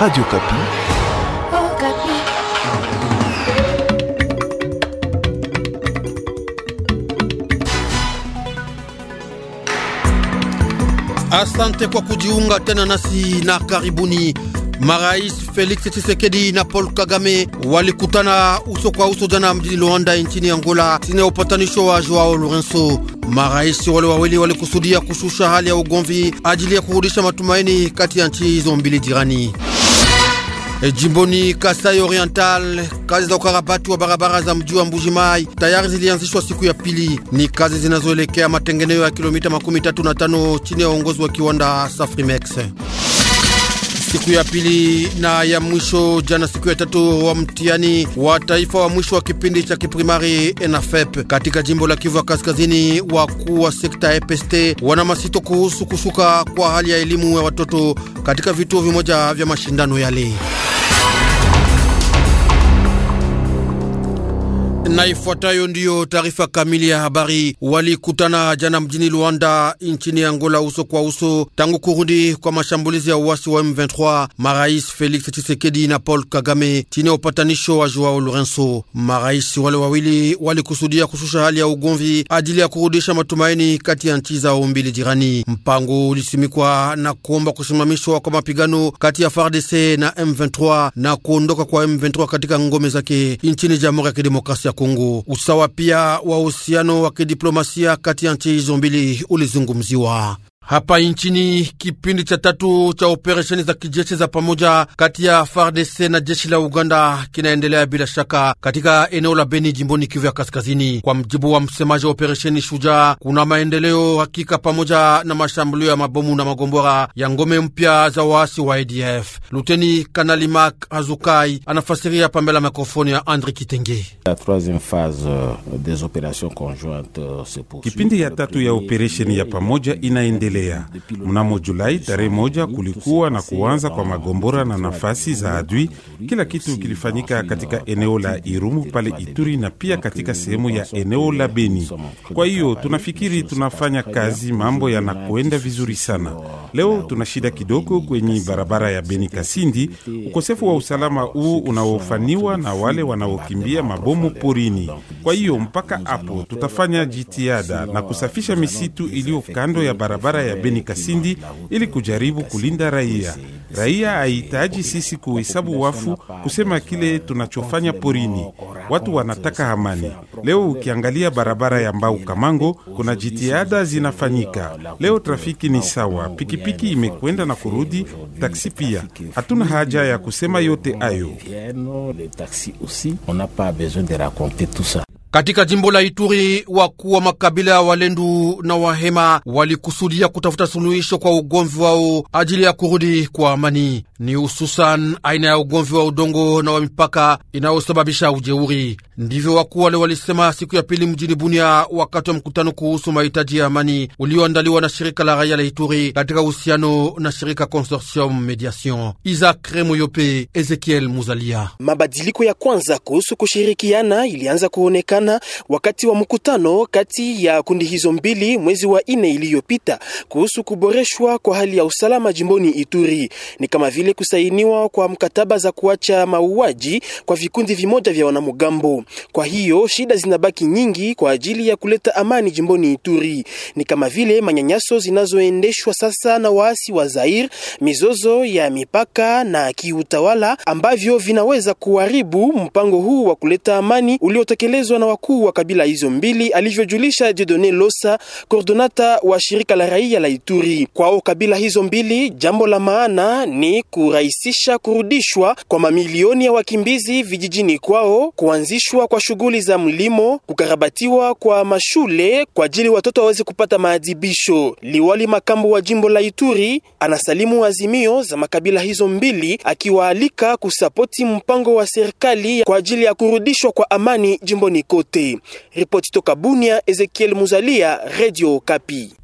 Radio Kapi. Oh, Kapi. Asante kwa kujiunga tena nasi na karibuni. Marais Felix Tshisekedi na Paul Kagame walikutana uso kwa uso jana mjini Luanda nchini Angola chini ya upatanisho wa Joao Lourenço. Marais wale wawili walikusudia kushusha hali ya ugomvi ajili ya kurudisha matumaini kati ya nchi hizo mbili jirani. E, jimboni Kasai Oriental, kazi za ukarabati wa barabara za mji wa Mbujimai tayari zilianzishwa siku ya pili. Ni kazi zinazoelekea matengenezo ya kilomita 35 chini ya uongozi wa kiwanda Safrimex. Siku ya pili na ya mwisho jana, siku ya tatu wa mtihani wa taifa wa mwisho wa kipindi cha kiprimari ENAFEP katika jimbo la Kivu ya Kaskazini, wakuu wa sekta EPST wana masito kuhusu kushuka kwa hali ya elimu ya watoto katika vituo vimoja vya mashindano yale. na ifuatayo ndiyo taarifa kamili ya habari. Walikutana jana mjini Luanda nchini Angola uso kwa uso tangu kurudi kwa mashambulizi ya uasi wa M23, marais Felix Tshisekedi na Paul Kagame chini ya upatanisho wa Joao lorenso Marais wale wawili walikusudia kushusha hali ya ugomvi ajili ya kurudisha matumaini kati ya nchi zao mbili jirani. Mpango ulisimikwa na kuomba kusimamishwa kwa mapigano kati ya FARDC na M23 na kuondoka kwa M23 katika ngome zake nchini Jamhuri ya Kidemokrasia Kongo. Usawa pia wa uhusiano wa kidiplomasia kati ya nchi hizo mbili ulizungumziwa hapa inchini kipindi cha tatu cha operesheni za kijeshi za pamoja kati ya FARDC na jeshi la Uganda kinaendelea bila shaka katika eneo la Beni jimboni Kivu ya Kaskazini. Kwa mjibu wa msemaji wa operesheni Shujaa, kuna maendeleo hakika pamoja na mashambulio ya mabomu na magombora ya ngome mpya za waasi wa ADF. Luteni Kanali Mak Hazukai anafasiria pambela mikrofoni ya Andre Kitenge. Euh, euh, kipindi ya tatu ya operesheni ya pamoja inaendelea kuendelea. Mnamo Julai tarehe moja kulikuwa na kuanza kwa magombora na nafasi za adui. Kila kitu kilifanyika katika eneo la Irumu pale Ituri na pia katika sehemu ya eneo la Beni. Kwa hiyo tunafikiri tunafanya kazi, mambo yanakwenda vizuri sana. Leo tuna shida kidogo kwenye barabara ya Beni Kasindi. Ukosefu wa usalama huu unaofaniwa na wale wanaokimbia mabomu porini. Kwa hiyo mpaka hapo tutafanya jitihada na kusafisha misitu iliyo kando ya barabara ya Beni Kasindi ili kujaribu kulinda raia. Raia haihitaji sisi kuhesabu wafu, kusema kile tunachofanya porini. Watu wanataka amani. Leo ukiangalia barabara ya Mbau Kamango, kuna jitihada zinafanyika. Leo trafiki ni sawa, pikipiki imekwenda na kurudi, taksi pia. Hatuna haja ya kusema yote hayo. Katika jimbo la Ituri, wakuu wa makabila ya Walendu na Wahema walikusudia kutafuta suluhisho kwa ugomvi wao ajili ya kurudi kwa amani. Ni hususan aina ya ugomvi wa udongo na wa mipaka inayosababisha ujeuri. Ndivyo wakuu wale walisema siku ya pili mjini Bunia, wakati wa mkutano kuhusu mahitaji ya amani ulioandaliwa na shirika la raia la Ituri katika uhusiano na shirika Consortium Mediation. Isaac Remoyope, Ezekiel Muzalia. Mabadiliko ya kwanza kuhusu kushirikiana ilianza kuonekana jana wakati wa mkutano kati ya kundi hizo mbili mwezi wa ine iliyopita kuhusu kuboreshwa kwa hali ya usalama jimboni Ituri, ni kama vile kusainiwa kwa mkataba za kuacha mauaji kwa vikundi vimoja vya wanamgambo. Kwa hiyo shida zinabaki nyingi kwa ajili ya kuleta amani jimboni Ituri, ni kama vile manyanyaso zinazoendeshwa sasa na waasi wa Zair, mizozo ya mipaka na kiutawala ambavyo vinaweza kuharibu mpango huu wa kuleta amani uliotekelezwa na wakuu wa kabila hizo mbili, alivyojulisha Jedone Losa, kordonata wa shirika la raia la Ituri. Kwao kabila hizo mbili, jambo la maana ni kurahisisha kurudishwa kwa mamilioni ya wakimbizi vijijini kwao, kuanzishwa kwa shughuli za mlimo, kukarabatiwa kwa mashule kwa ajili watoto waweze kupata maadhibisho. Liwali makambo wa jimbo la Ituri anasalimu azimio za makabila hizo mbili, akiwaalika kusapoti mpango wa serikali kwa ajili ya kurudishwa kwa amani jimboni kote wote. Ripoti toka Bunia, Ezekiel Muzalia, Radio Kapi.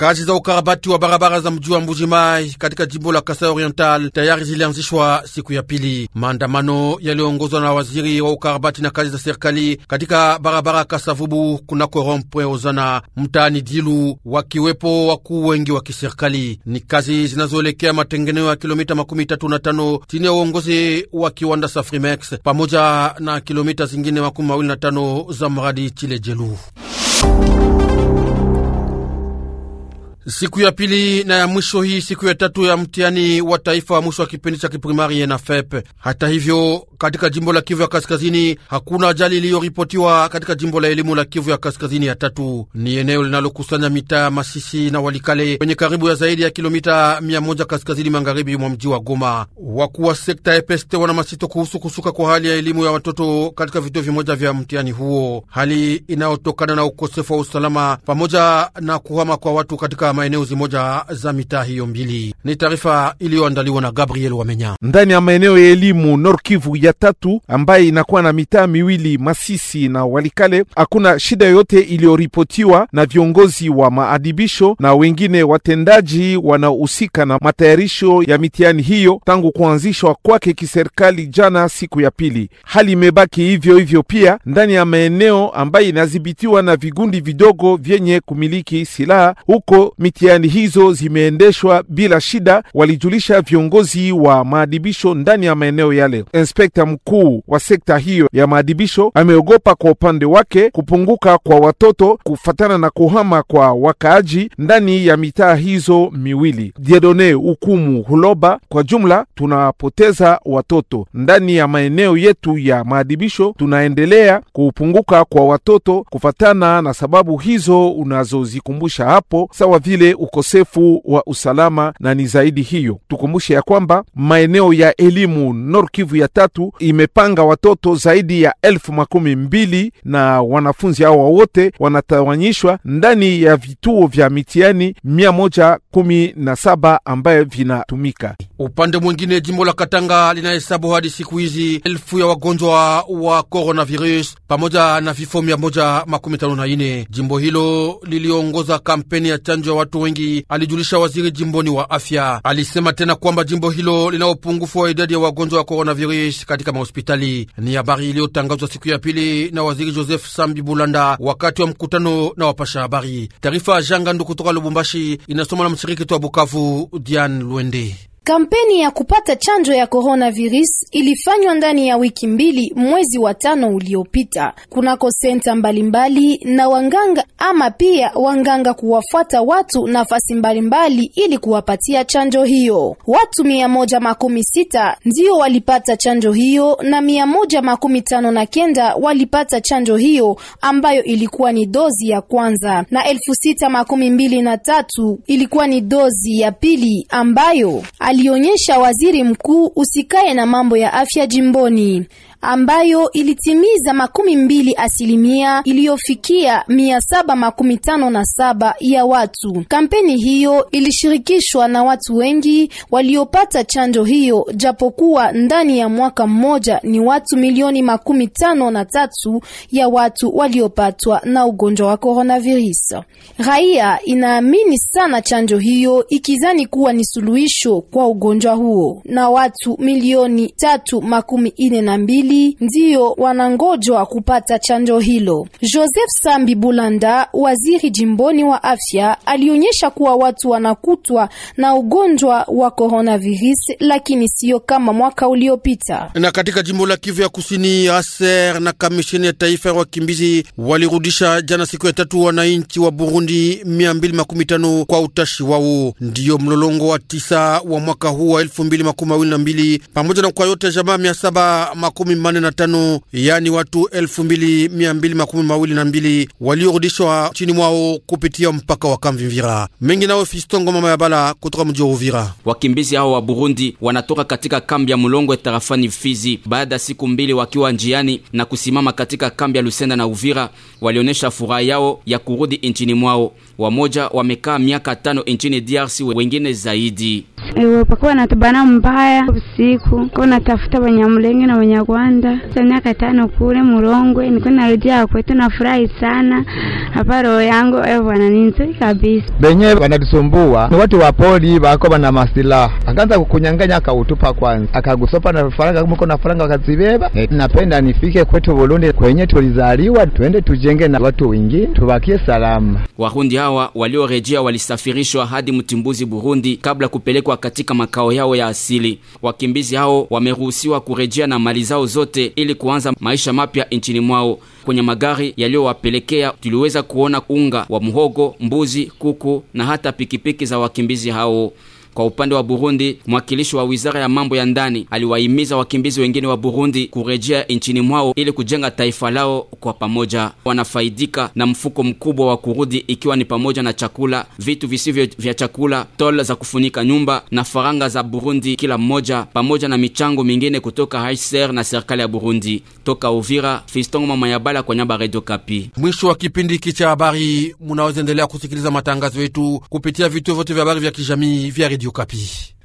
Kazi za ukarabati wa barabara za mji wa Mbujimai katika jimbo la Kasai Oriental tayari zilianzishwa siku ya pili. Maandamano yaliyoongozwa na waziri wa ukarabati na kazi za serikali katika barabara Kasavubu kunako rompwe Ozana mtaani Dilu, wakiwepo wakuu wengi wa kiserikali. Ni kazi zinazoelekea matengenezo ya kilomita makumi tatu na tano chini ya uongozi wa kiwanda Safrimex pamoja na kilomita zingine makumi mawili na tano za mradi Chilejelu. Siku ya pili na ya mwisho hii siku ya tatu ya mtihani wa taifa wa mwisho wa kipindi cha kiprimari FEP. Hata hivyo, katika jimbo la Kivu ya Kaskazini hakuna ajali iliyoripotiwa katika jimbo la elimu la Kivu ya Kaskazini ya tatu. Ni eneo linalokusanya mitaa ya Masisi na Walikale kwenye karibu ya zaidi ya kilomita mia moja kaskazini magharibi mwa mji wa Goma. Wakuu wa sekta EPST wana masito kuhusu kusuka kwa hali ya elimu ya watoto katika vituo vimoja vya mtihani huo, hali inayotokana na ukosefu wa usalama pamoja na kuhama kwa watu katika maeneo zimoja za mitaa hiyo mbili. Ni taarifa iliyoandaliwa na Gabriel Wamenya. Ndani ya maeneo ya elimu Nord Kivu ya tatu ambaye inakuwa na mitaa miwili Masisi na Walikale, hakuna shida yoyote iliyoripotiwa na viongozi wa maadibisho na wengine watendaji wanaohusika na matayarisho ya mitihani hiyo tangu kuanzishwa kwake kiserikali jana siku ya pili. Hali imebaki hivyo hivyo pia ndani ya maeneo ambaye inadhibitiwa na vigundi vidogo vyenye kumiliki silaha huko mitihani hizo zimeendeshwa bila shida, walijulisha viongozi wa maadibisho ndani ya maeneo yale. Inspekta mkuu wa sekta hiyo ya maadibisho ameogopa kwa upande wake kupunguka kwa watoto kufatana na kuhama kwa wakaaji ndani ya mitaa hizo miwili. Diedone Ukumu Huloba: kwa jumla tunapoteza watoto ndani ya maeneo yetu ya maadibisho, tunaendelea kupunguka kwa watoto kufatana na sababu hizo unazozikumbusha hapo sawa vile ukosefu wa usalama, na ni zaidi hiyo. Tukumbushe ya kwamba maeneo ya elimu Nord Kivu ya tatu imepanga watoto zaidi ya elfu makumi mbili na wanafunzi hao wote wanatawanyishwa ndani ya vituo vya mitihani mia moja kumi na saba ambaye vinatumika. Upande mwingine, jimbo la Katanga linahesabu hadi siku hizi elfu ya wagonjwa wa coronavirus pamoja na vifo mia moja makumi tano na ine. Jimbo hilo liliongoza kampeni ya chanjo watu wengi, alijulisha waziri jimboni wa afya. Alisema tena kwamba jimbo hilo lina upungufu wa idadi ya wagonjwa wa coronavirus katika mahospitali. Ni habari iliyotangazwa siku ya pili na waziri Joseph Sambi Bulanda wakati wa mkutano na wapasha habari. Taarifa ya Jangandu kutoka Lubumbashi inasoma na mshiriki wa Bukavu dian Lwende. Kampeni ya kupata chanjo ya coronavirus ilifanywa ndani ya wiki mbili mwezi wa tano uliopita kunako senta mbalimbali na wanganga ama pia wanganga kuwafuata watu nafasi mbalimbali ili kuwapatia chanjo hiyo. Watu mia moja makumi sita ndio walipata chanjo hiyo na mia moja makumi tano na kenda walipata chanjo hiyo ambayo ilikuwa ni dozi ya kwanza na elfu sita makumi mbili na tatu ilikuwa ni dozi ya pili ambayo ali alionyesha waziri mkuu usikaye na mambo ya afya jimboni ambayo ilitimiza makumi mbili asilimia iliyofikia mia saba makumi tano na saba ya watu. Kampeni hiyo ilishirikishwa na watu wengi waliopata chanjo hiyo, japokuwa ndani ya mwaka mmoja ni watu milioni makumi tano na tatu ya watu waliopatwa na ugonjwa wa coronavirus. Raia inaamini sana chanjo hiyo ikizani kuwa ni suluhisho kwa ugonjwa huo na watu milioni tatu makumi ine na mbili mbili ndiyo wanangojwa kupata chanjo hilo. Joseph Sambi Bulanda, waziri jimboni wa afya, alionyesha kuwa watu wanakutwa na ugonjwa wa coronavirus, lakini siyo kama mwaka uliopita. Na katika jimbo la Kivu ya Kusini, aser na kamisheni ya taifa ya wakimbizi walirudisha jana siku ya tatu wananchi wa Burundi 215 kwa utashi wao, ndiyo mlolongo wa tisa wa mwaka huu wa 2022 pamoja na kwa yote jamaa mane na tano, yaani watu elfu mbili mia mbili makumi mawili na mbili waliorudishwa chini mwao kupitia mpaka wa Kamvimvira. Mengi nao Fistongo mama ya bala kutoka mji wa Uvira. Wakimbizi hao wa Burundi wanatoka katika kambi ya Mulongwe tarafani Fizi baada ya siku mbili wakiwa njiani na kusimama katika kambi ya Lusenda na Uvira, walionyesha furaha yao ya kurudi nchini mwao. Wamoja wamekaa miaka tano nchini DRC, wengine zaidi wepakuwa eh, na tubana mbaya usiku ko natafuta Banyamulenge na Banyarwanda za miaka tano kule Murongwe, niko narudia kwetu, nafurahi sana hapa. Roho yangu ewe eh, bwana ni nzuri kabisa. Benye wanatusumbua ni watu wapoli wako bana masilaha, akaanza kukunyang'anya akautupa kwanza, akagusopa na faranga, mko na faranga wakazibeba. Eh, napenda nifike kwetu Burundi kwenye tulizaliwa, tuende tujenge na watu wengine, tubakie salama. Warundi hawa waliorejea walisafirishwa hadi Mtimbuzi Burundi kabla kupelekwa kupelekwa katika makao yao ya asili. Wakimbizi hao wameruhusiwa kurejea na mali zao zote ili kuanza maisha mapya nchini mwao. Kwenye magari yaliyowapelekea tuliweza kuona unga wa mhogo, mbuzi, kuku na hata pikipiki za wakimbizi hao. Kwa upande wa Burundi, mwakilishi wa wizara ya mambo ya ndani aliwahimiza wakimbizi wengine wa Burundi kurejea nchini mwao ili kujenga taifa lao kwa pamoja. Wanafaidika na mfuko mkubwa wa kurudi, ikiwa ni pamoja na chakula, vitu visivyo vya chakula, tola za kufunika nyumba na faranga za Burundi kila mmoja, pamoja na michango mingine kutoka HCR na serikali ya Burundi. Toka Uvira, Fiston Mama Yabala kwa nyaba Radio Kapi. Mwisho wa kipindi hiki cha habari, munaweza endelea kusikiliza matangazo yetu kupitia vituo vyote vya habari vya kijamii vya Radio Kapi.